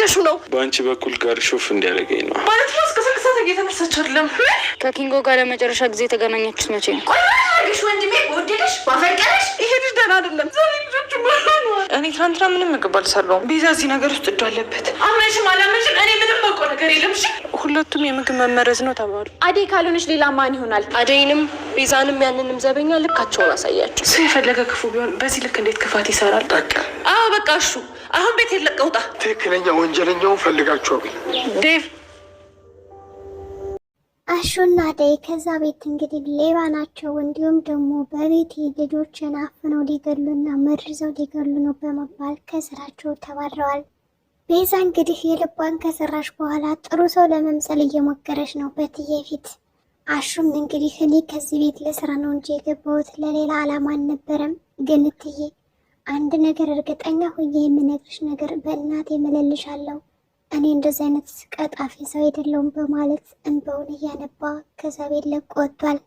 አድርገሹ ነው? በአንቺ በኩል ጋር ሾፍ እንዲያደርገኝ ነው ማለት ነው። እስከሰቅሰት እየተነሳች አይደለም። ከኪንጎ ጋር ለመጨረሻ ጊዜ የተገናኛችሁት መቼ ነው? ቆሽ ወንድሜ ወደደሽ ባፈቀረሽ ይሄ ልጅ ደህና አይደለም። ዛሬ ልጆች እኔ ትናንትና ምንም ምግብ አልሰራውም። ቤዛ እዚህ ነገር ውስጥ እጁ አለበት። አመንሽም አላመንሽም እኔ ምንም መቆ ነገር የለም። ሁለቱም የምግብ መመረዝ ነው ተባሉ። አደይ ካልሆነች ሌላ ማን ይሆናል? አደይንም ቤዛንም ያንንም ዘበኛ ልካቸውን አሳያቸው። ሰው የፈለገ ክፉ ቢሆን በዚህ ልክ እንዴት ክፋት ይሰራል? በቃ አዎ በቃ እሹ አሁን ቤት የለቀህ ውጣ። ትክክለኛ ወንጀለኛው ፈልጋችሁ ዴቭ አሹና ደይ ከዛ ቤት እንግዲህ ሌባ ናቸው፣ እንዲሁም ደግሞ በቤት ልጆችን አፍነው ሊገሉና መርዘው ሊገሉ ነው በመባል ከስራቸው ተባረዋል። ቤዛ እንግዲህ የልቧን ከሰራሽ በኋላ ጥሩ ሰው ለመምሰል እየሞከረች ነው በትዬ ፊት። አሹም እንግዲህ እኔ ከዚህ ቤት ለስራ ነው እንጂ የገባሁት ለሌላ አላማ አልነበረም፣ ግን እትዬ አንድ ነገር እርግጠኛ ሁዬ የምነግርሽ ነገር በእናቴ እምልልሻለሁ እኔ እንደዚህ አይነት ቀጣፊ ሰው አይደለሁም በማለት እንበውን እያነባ ከዛ ቤት ለቆ ወጥቷል።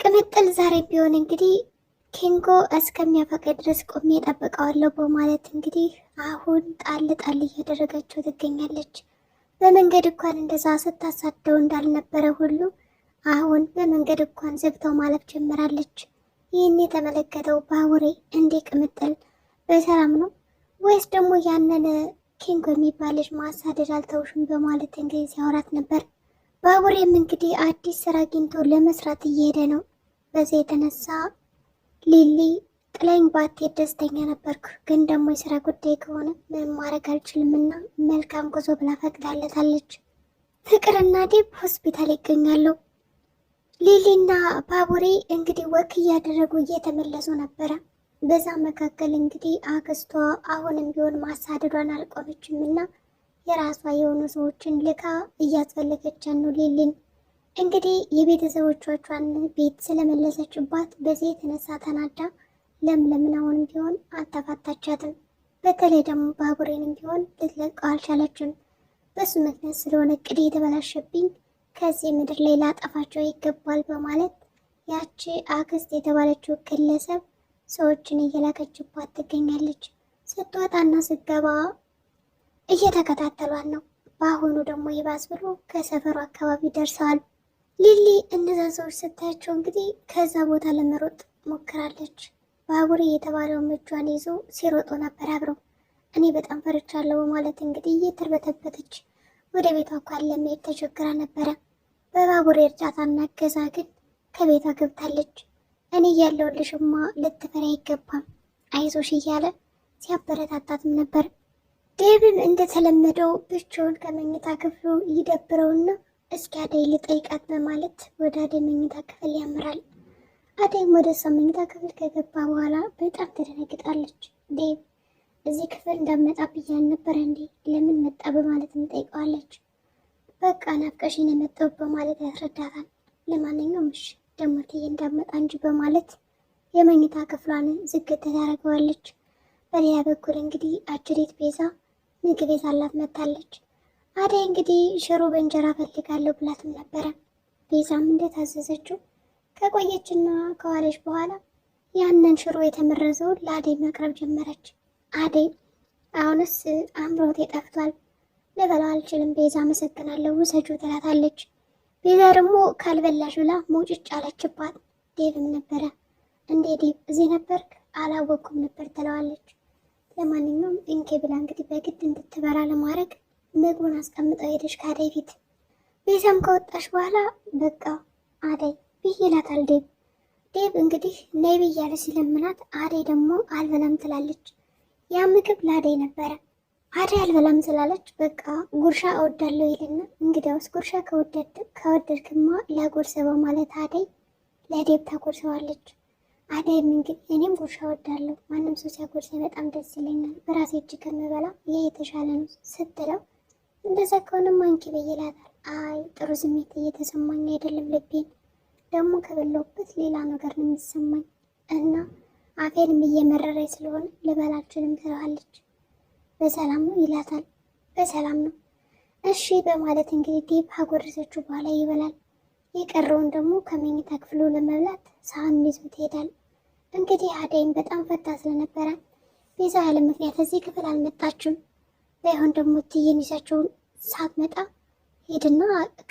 ቅምጥል ዛሬ ቢሆን እንግዲህ ኪንጎ እስከሚያፈቅድ ድረስ ቆሜ ጠብቀዋለሁ በማለት እንግዲህ አሁን ጣል ጣል እያደረገችው ትገኛለች። በመንገድ እንኳን እንደዛ ስታሳደው እንዳልነበረ ሁሉ አሁን በመንገድ እንኳን ዘግተው ማለፍ ጀምራለች። ይህን የተመለከተው ባቡሬ እንዴ ቅምጥል በሰላም ነው ወይስ ደግሞ ያንን ኪንግ የሚባል ልጅ ማሳደድ አልተውሽም በማለት እንግዲህ ሲያወራት ነበር። ባቡሬም እንግዲህ አዲስ ስራ አግኝቶ ለመስራት እየሄደ ነው። በዚህ የተነሳ ሊሊ ጥላኝ ባቴ ደስተኛ ነበርኩ፣ ግን ደግሞ የስራ ጉዳይ ከሆነ ምንም ማድረግ አልችልምና መልካም ጉዞ ብላ ፈቅዳለታለች። ፍቅርና ዲብ ሆስፒታል ይገኛሉ። ሊሊና ባቡሬ እንግዲህ ወክ እያደረጉ እየተመለሱ ነበረ። በዛ መካከል እንግዲህ አክስቷ አሁንም ቢሆን ማሳደዷን አልቆመችም እና የራሷ የሆኑ ሰዎችን ልካ እያስፈለገች ነው ሊሊን። እንግዲህ የቤተሰቦቿን ቤት ስለመለሰችባት በዚህ የተነሳ ተናዳ ለምለምን አሁንም ቢሆን አታፋታቻትም። በተለይ ደግሞ ባቡሬንም ቢሆን ልትለቀው አልቻለችም። በሱ ምክንያት ስለሆነ ቅዴ የተበላሸብኝ ከዚህ ምድር ላይ ላጠፋቸው ይገባል በማለት ያቺ አክስት የተባለችው ግለሰብ ሰዎችን እየላከችባት ትገኛለች። ስትወጣና ስገባ እየተከታተሏን ነው። በአሁኑ ደግሞ ይባስ ብሎ ከሰፈሩ አካባቢ ደርሰዋል። ሊሊ እነዛ ሰዎች ስታያቸው እንግዲህ ከዛ ቦታ ለመሮጥ ሞክራለች። ባቡሬ የተባለውን እጇን ይዞ ሲሮጡ ነበር አብረው። እኔ በጣም ፈርቻለሁ በማለት እንግዲህ እየተርበተበተች ወደ ቤቷ እንኳን ለመሄድ ተቸግራ ነበረ። በባቡር እርዳታና እገዛ ግን ከቤቷ ገብታለች። እኔ እያለሁልሽማ ልትፈሪ አይገባም አይዞሽ እያለ ሲያበረታታትም ነበር። ዴብም እንደተለመደው ብቻውን ከመኝታ ክፍሉ ይደብረውና እስኪ አደይ ልጠይቃት በማለት ወደ አደይ መኝታ ክፍል ያምራል። አደይም ወደ እሷ መኝታ ክፍል ከገባ በኋላ በጣም ተደነግጣለች ዴብ እዚህ ክፍል እንዳመጣ ብያን ነበር እንዴ? ለምን መጣ በማለት እንጠይቀዋለች። በቃ ናፍቀሽኝ ነው የመጣው በማለት ያስረዳታል። ለማንኛውም እሺ ደግሞ እንዳመጣ እንጂ በማለት የመኝታ ክፍሏን ዝግት ታደርገዋለች። በሌላ በኩል እንግዲህ አጅሬት ቤዛ ምግብ የዛላት መታለች። አደይ እንግዲህ ሽሮ በእንጀራ ፈልጋለሁ ብላትም ነበረ። ቤዛም እንደታዘዘችው ከቆየችና ከዋለች በኋላ ያንን ሽሮ የተመረዘውን ለአደይ መቅረብ ጀመረች። አዴ አሁንስ አእምሮቴ ጠፍቷል፣ ልበላው አልችልም። ቤዛ አመሰግናለሁ ውሰጂው ትላታለች። ቤዛ ደግሞ ካልበላሽ ብላ ሙጭጭ አለችባት። ዴቭም ነበረ እንዴ ዴቭ እዚህ ነበርክ? አላወቅኩም ነበር ትለዋለች። ለማንኛውም እንኬ ብላ እንግዲህ በግድ እንድትበላ ለማድረግ ምግቡን አስቀምጠው ሄደች ከአደይ ፊት። ቤዛም ከወጣሽ በኋላ በቃ አደይ ብዬ ይላታል ዴቭ። ዴቭ እንግዲህ ነይ ብያለ ሲለምናት አደይ ደግሞ አልበላም ትላለች። ያ ምግብ ላደይ ነበረ። አደይ አልበላም ስላለች በቃ ጉርሻ እወዳለሁ ይልና እንግዲያውስ ጉርሻ ከወደድክማ ለጎርሰበው ማለት አደይ ለዴብ ታጎርሰዋለች። አደይም እንግዲህ እኔም ጉርሻ እወዳለሁ፣ ማንም ሰው ሲያጎርሰኝ በጣም ደስ ይለኛል፣ በራሴ እጅ ከምበላ ይህ የተሻለ ነው ስትለው እንደዛ ከሆነማ አንኪ በይላታል። አይ ጥሩ ስሜት እየተሰማኝ አይደለም፣ ልቤን ደግሞ ከበላሁበት ሌላ ነገር ነው የሚሰማኝ አፌንም እየመረረኝ ስለሆነ ልበላችንም ትለዋለች። በሰላም ነው ይላታል። በሰላም ነው እሺ በማለት እንግዲህ ዲብ በኋላ ይበላል። የቀረውን ደግሞ ከመኝታ ክፍሉ ለመብላት ሳህኑ ይዞ ትሄዳል። እንግዲህ አደይም በጣም ፈታ ስለነበረ ቤዛ ያለ ምክንያት እዚህ ክፍል አልመጣችም። ባይሆን ደግሞ ትዬን ይዛቸውን ሳትመጣ ሄድና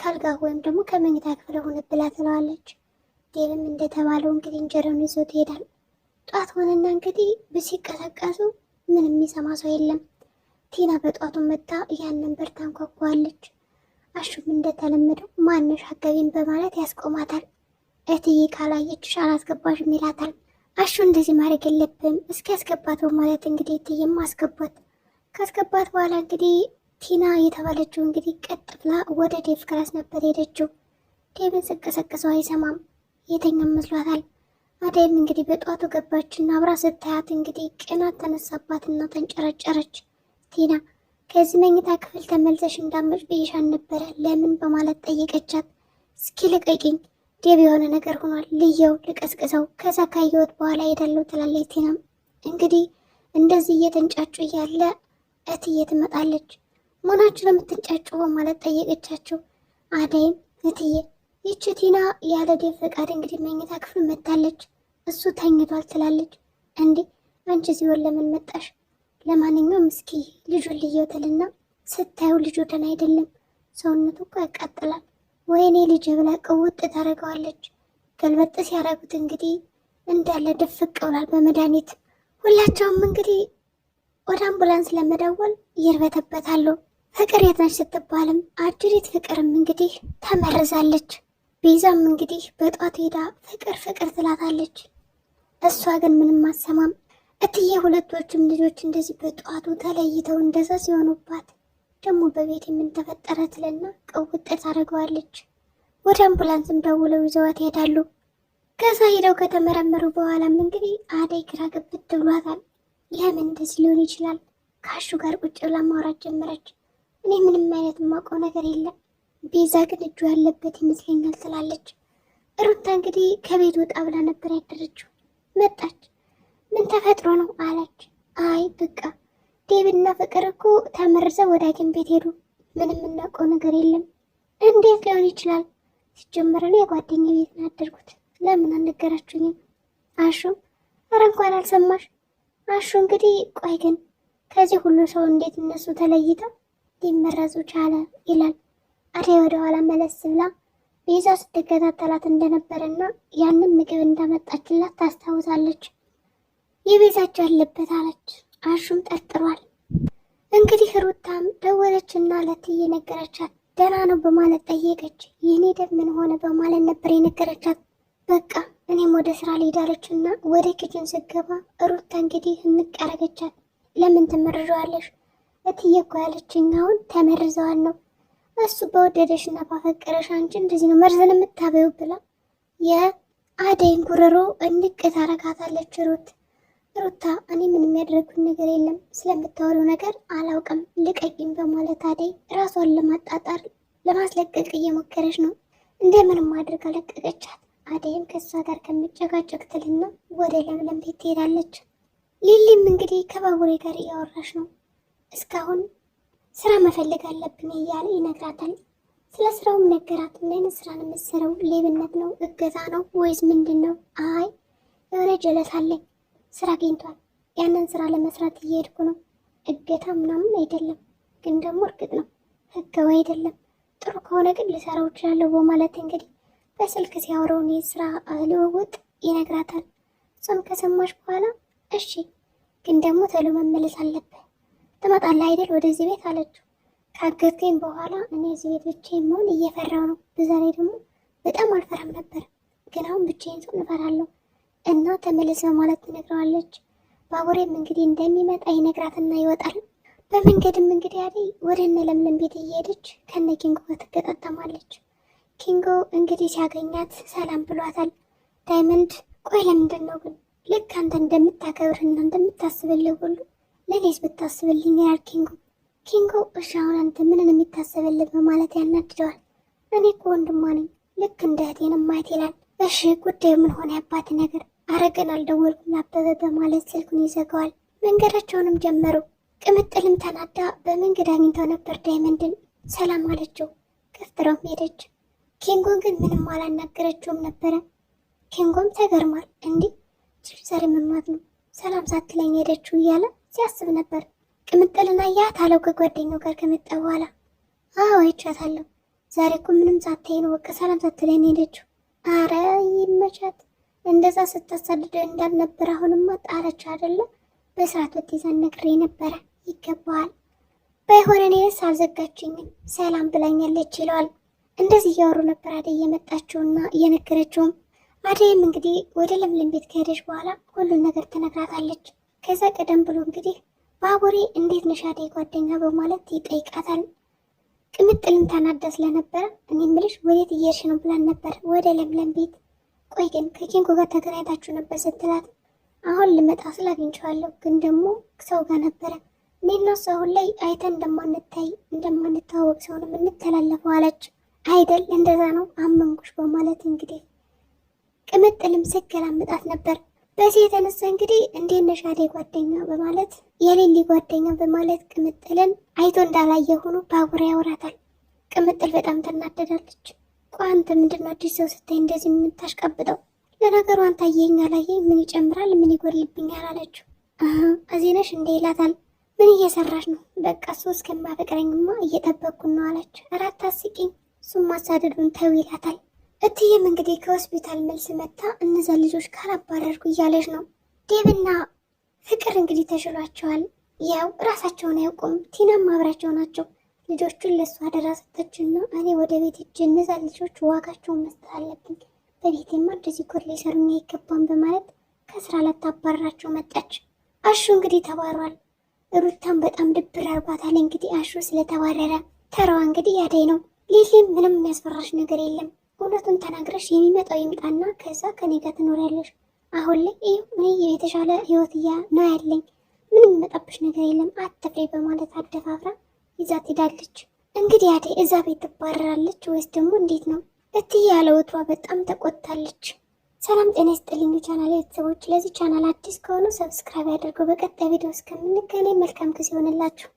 ከአልጋ ወይም ደግሞ ከመኝታ ክፍል ሆነ ብላ ትለዋለች። ዴብም እንደተባለው እንግዲህ እንጀራውን ይዞ ትሄዳል። ጧት ሆነና እንግዲህ ሲቀሰቀሱ ምንም የሚሰማ ሰው የለም። ቲና በጧቱ መታ ያንን በር ታንኳኳለች። አሹም እንደተለመደው ማነሽ አገቢን በማለት ያስቆማታል። እትዬ ካላየችሽ አላስገባሽም ይላታል። አሹ እንደዚህ ማድረግ የለብም እስኪ ያስገባት በማለት እንግዲህ እትዬም አስገቧት። ካስገባት በኋላ እንግዲህ ቲና የተባለችው እንግዲህ ቀጥ ብላ ወደ ዴቭ ክላስ ነበር ሄደችው። ዴቭን ስቀሰቅሰው አይሰማም፣ የተኛም መስሏታል። አደይም እንግዲህ በጠዋቱ ገባችና አብራ ስታያት እንግዲህ ቅናት ተነሳባትና ተንጨረጨረች። ቲና ከዚህ መኝታ ክፍል ተመልሰሽ እንዳመጭ ብይሻን ነበረ ለምን በማለት ጠየቀቻት። እስኪ ልቀቂኝ፣ ዴብ የሆነ ነገር ሆኗል፣ ልየው፣ ልቀስቅሰው፣ ከዛ ካየሁት በኋላ ሄዳለሁ ትላለች። ቲናም እንግዲህ እንደዚህ እየተንጫጩ እያለ እትዬ ትመጣለች። መሆናችሁ ለምትንጫጩ በማለት ጠየቀቻቸው። አደይም እትዬ ይች ቲና ያለ ዴብ ፈቃድ እንግዲህ መኝታ ክፍል መታለች። እሱ ተኝቷል ትላለች። እንዴ አንቺ ሲሆን ለምን መጣሽ? ለማንኛውም እስኪ ልጁን ልየውትልና ስታዩ ልጁ ደህና አይደለም፣ ሰውነቱ እኮ ያቃጥላል። ወይኔ ልጅ ብላ ቅውጥ ታደርገዋለች። ገልበጥ ሲያደርጉት እንግዲህ እንዳለ ድፍቅ ብሏል በመድኃኒት። ሁላቸውም እንግዲህ ወደ አምቡላንስ ለመደወል ይርበተበታሉ። ፍቅር የት ነች ስትባልም አጅሪት ፍቅርም እንግዲህ ተመርዛለች። ቤዛም እንግዲህ በጧት ሄዳ ፍቅር ፍቅር ትላታለች። እሷ ግን ምንም አሰማም። እትዬ ሁለቶችም ልጆች እንደዚህ በጠዋቱ ተለይተው እንደዛ ሲሆኑባት ደግሞ በቤት የምንተፈጠረ ትልና ቅውጥ ታደርገዋለች። ወደ አምቡላንስም ደውለው ይዘዋት ይሄዳሉ። ከዛ ሄደው ከተመረመሩ በኋላም እንግዲህ አደይ ግራ ግብት ብሏታል። ለምን እንደዚህ ሊሆን ይችላል? ካሹ ጋር ቁጭ ብላ ማውራት ጀመረች። እኔ ምንም አይነት የማውቀው ነገር የለም፣ ቤዛ ግን እጁ ያለበት ይመስለኛል ትላለች። ሩታ እንግዲህ ከቤት ወጣ ብላ ነበር ያደረችው። መጣች። ምን ተፈጥሮ ነው አለች። አይ በቃ ዴብና ፍቅር እኮ ተመርዘው ወዳጅን ቤት ሄዱ። ምንም እናውቀው ነገር የለም። እንዴት ሊሆን ይችላል? ሲጀመር ነው የጓደኛ ቤት ነው ያደርጉት። ለምን አልነገራችሁኝም? አሹም ኧረ እንኳን አልሰማሽ አሹ። እንግዲህ ቆይ ግን ከዚህ ሁሉ ሰው እንዴት እነሱ ተለይተው ሊመረዙ ቻለ? ይላል አደይ ወደኋላ መለስ ብላ ቤዛ ስትከታተላት እንደነበረና ያንን ምግብ እንዳመጣችላት ታስታውሳለች። የቤዛቸው አለበት አለች። አሹም ጠርጥሯል። እንግዲህ ሩታም ደወለችና ለትዬ ነገረቻት። ደህና ነው በማለት ጠየቀች። የኔ ደም ምን ሆነ በማለት ነበር የነገረቻት። በቃ እኔም ወደ ስራ ልሄዳለች እና ወደ ኪችን ስገባ ሩታ እንግዲህ እንቀረገቻት። ለምን ትመርዘዋለሽ? እትዬ እኮ ያለችኝ አሁን ተመርዘዋል ነው እሱ በወደደሽ እና ባፈቀረሽ አንቺ እንደዚህ ነው መርዝን የምታበዩ ብላ የአደይን ጉረሮ እንቅ ታረጋታለች። ሩት ሩታ እኔ ምን ያደረግኩት ነገር የለም ስለምታወሪው ነገር አላውቅም ልቀይም በማለት አደይ ራሷን ለማጣጣር ለማስለቀቅ እየሞከረች ነው። እንደምንም አድርጋ ለቀቀቻት። አደይም ከእሷ ጋር ከምጨጋጨቅ ትልና ወደ ለምለም ቤት ትሄዳለች። ሊሊም እንግዲህ ከባቡሬ ጋር እያወራች ነው እስካሁን ስራ መፈለግ አለብን እያለ ይነግራታል። ስለ ስራውም ነገራት። ምን አይነት ስራ ነው የምትሰራው? ሌብነት ነው? እገዛ ነው ወይስ ምንድን ነው? አይ የሆነ ጀለስ አለኝ። ስራ አግኝቷል። ያንን ስራ ለመስራት እየሄድኩ ነው። እገታ ምናምን አይደለም፣ ግን ደግሞ እርግጥ ነው ህገው አይደለም። ጥሩ ከሆነ ግን ልሰራው እችላለሁ በማለት እንግዲህ በስልክ ሲያወራውን የስራ ልውውጥ ይነግራታል። እሷም ከሰማች በኋላ እሺ፣ ግን ደግሞ ተሎ መመለስ አለብህ ትመጣለህ አይደል ወደዚህ ቤት አለችው። ካገዝከኝ በኋላ እኔ እዚህ ቤት ብቻዬን መሆን እየፈራው ነው። በዛ ላይ ደግሞ በጣም አልፈራም ነበር፣ ግን አሁን ብቻዬን ሰው እፈራለሁ እና ተመለስ በማለት ትነግረዋለች። ባቡሬም እንግዲህ እንደሚመጣ ይነግራትና ይወጣል። በመንገድም እንግዲህ አደይ ወደ እነ ለምለም ቤት እየሄደች ከነ ኪንጎ ትገጣጠማለች። ኪንጎ እንግዲህ ሲያገኛት ሰላም ብሏታል። ዳይመንድ ቆይ ለምንድን ነው ግን ልክ አንተ እንደምታከብርና እንደምታስብልህ ሁሉ ለኔስ ብታስብልኝ ያል ኪንጎ ኪንጎ እሺ አሁን አንተ ምንን የሚታሰብልን በማለት ያናድደዋል። እኔ እኮ ወንድሟ ነኝ ልክ እንደ እህቴን ማየት ይላል። እሺ ጉዳዩ ምን ሆነ ያባት ነገር አረገን አልደወልኩም አበበ በማለት ስልኩን ይዘጋዋል። መንገዳቸውንም ጀመሩ። ቅምጥልም ተናዳ በመንገድ አግኝተው ነበር ዳይመንድን ሰላም አለችው። ከፍትረው ሄደች። ኪንጎ ግን ምንም አላናገረችውም ነበረ። ኪንጎም ተገርሟል። እንዲህ ችርሰር የምማት ነው ሰላም ሳትለኝ ሄደችው እያለ ሲያስብ ነበር። ቅምጥልና ያት አለው ከጓደኛው ጋር ከመጣ በኋላ አዎ አይቻታለሁ። ዛሬ እኮ ምንም ሳታይ ነው በቃ ሰላም ሳትለኝ ሄደችው። አረ ይመቻት። እንደዛ ስታሳድደ እንዳልነበር አሁንማ ጣለች አይደለም። በስርዓት ወጥይዛን ነግሬ ነበረ ይገባዋል። ባይሆን እኔንስ አልዘጋችኝም ሰላም ብላኛለች ይለዋል። እንደዚህ እያወሩ ነበር አደይ የመጣችውና እየነገረችውም አደይም እንግዲህ ወደ ለምለም ቤት ከሄደች በኋላ ሁሉን ነገር ትነግራታለች። ከዛ ቀደም ብሎ እንግዲህ ባቡሬ እንዴት ነሽ አደይ ጓደኛ በማለት ይጠይቃታል። ቅምጥልን ታናዳ ስለነበረ እኔ ምልሽ ወዴት እየሄድሽ ነው ብላን ነበር ወደ ለምለም ቤት። ቆይ ግን ከኪንጎ ጋር ተገናኝታችሁ ነበር ስትላት አሁን ልመጣ ስል አግኝቼዋለሁ፣ ግን ደግሞ ሰው ጋር ነበረ እኔና እሱ አሁን ላይ አይተን እንደማንታይ እንደማንተዋወቅ ሰውን የምንተላለፈው አለች። አይደል እንደዛ ነው አመንኩሽ በማለት እንግዲህ ቅምጥልም ስገላምጣት ነበር። በዚህ የተነሳ እንግዲህ እንዴት ነሽ አዴ ጓደኛ በማለት የሌሊ ጓደኛ በማለት ቅምጥልን አይቶ እንዳላየ ሆኖ ባጉራ ያወራታል። ቅምጥል በጣም ትናደዳለች። ቆይ አንተ ምንድን ነው አዲስ ሰው ስታይ እንደዚህ የምታሽቀብጠው? ለነገሩ አንተ አየኛ ላየ ምን ይጨምራል ምን ይጎልብኛል አለችው። እዚህ ነሽ እንዴ ይላታል። ምን እየሰራሽ ነው? በቃ እሱ እስከማፈቅረኝማ እየጠበቅኩ ነው አለች። እራት ታስቂኝ እሱም ማሳደዱን ተው ይላታል። እትዬም እንግዲህ ከሆስፒታል መልስ መታ እነዛ ልጆች ካላባረርኩ እያለች ነው። ዴብና ፍቅር እንግዲህ ተሽሏቸዋል። ያው ራሳቸውን አያውቁም። ቲናም አብራቸው ናቸው። ልጆቹን ለሱ አደራ ሰጠችና እኔ ወደ ቤት እጅ እነዛ ልጆች ዋጋቸውን መስጠት አለብኝ፣ በቤቴማ እንደዚህ ጎድ ሊሰሩኝ አይገባም በማለት ከስራ ላታባረራቸው መጣች። አሹ እንግዲህ ተባሯል። ሩታን በጣም ድብር አርጓታል። እንግዲህ አሹ ስለተባረረ ተራዋ እንግዲህ ያደይ ነው። ሊሊም ምንም የሚያስፈራሽ ነገር የለም እውነቱን ተናግረሽ የሚመጣው ይምጣና ከዛ ከኔ ጋር ትኖሪያለሽ። አሁን ላይ ይህ እኔ የተሻለ ህይወት እያ ነው ያለኝ፣ ምንም የሚመጣብሽ ነገር የለም አትፍሬ በማለት አደፋፍራ ይዛት ሄዳለች። እንግዲህ አደይ እዛ ቤት ትባረራለች ወይስ ደግሞ እንዴት ነው? እትዬ ያለ ወትሯ በጣም ተቆጥታለች። ሰላም ጤና ይስጥልኝ ቻናል ቤተሰቦች፣ ለዚህ ቻናል አዲስ ከሆኑ ሰብስክራይብ ያደርገው። በቀጣይ ቪዲዮ እስከምንገናኝ መልካም ጊዜ ይሆንላችሁ።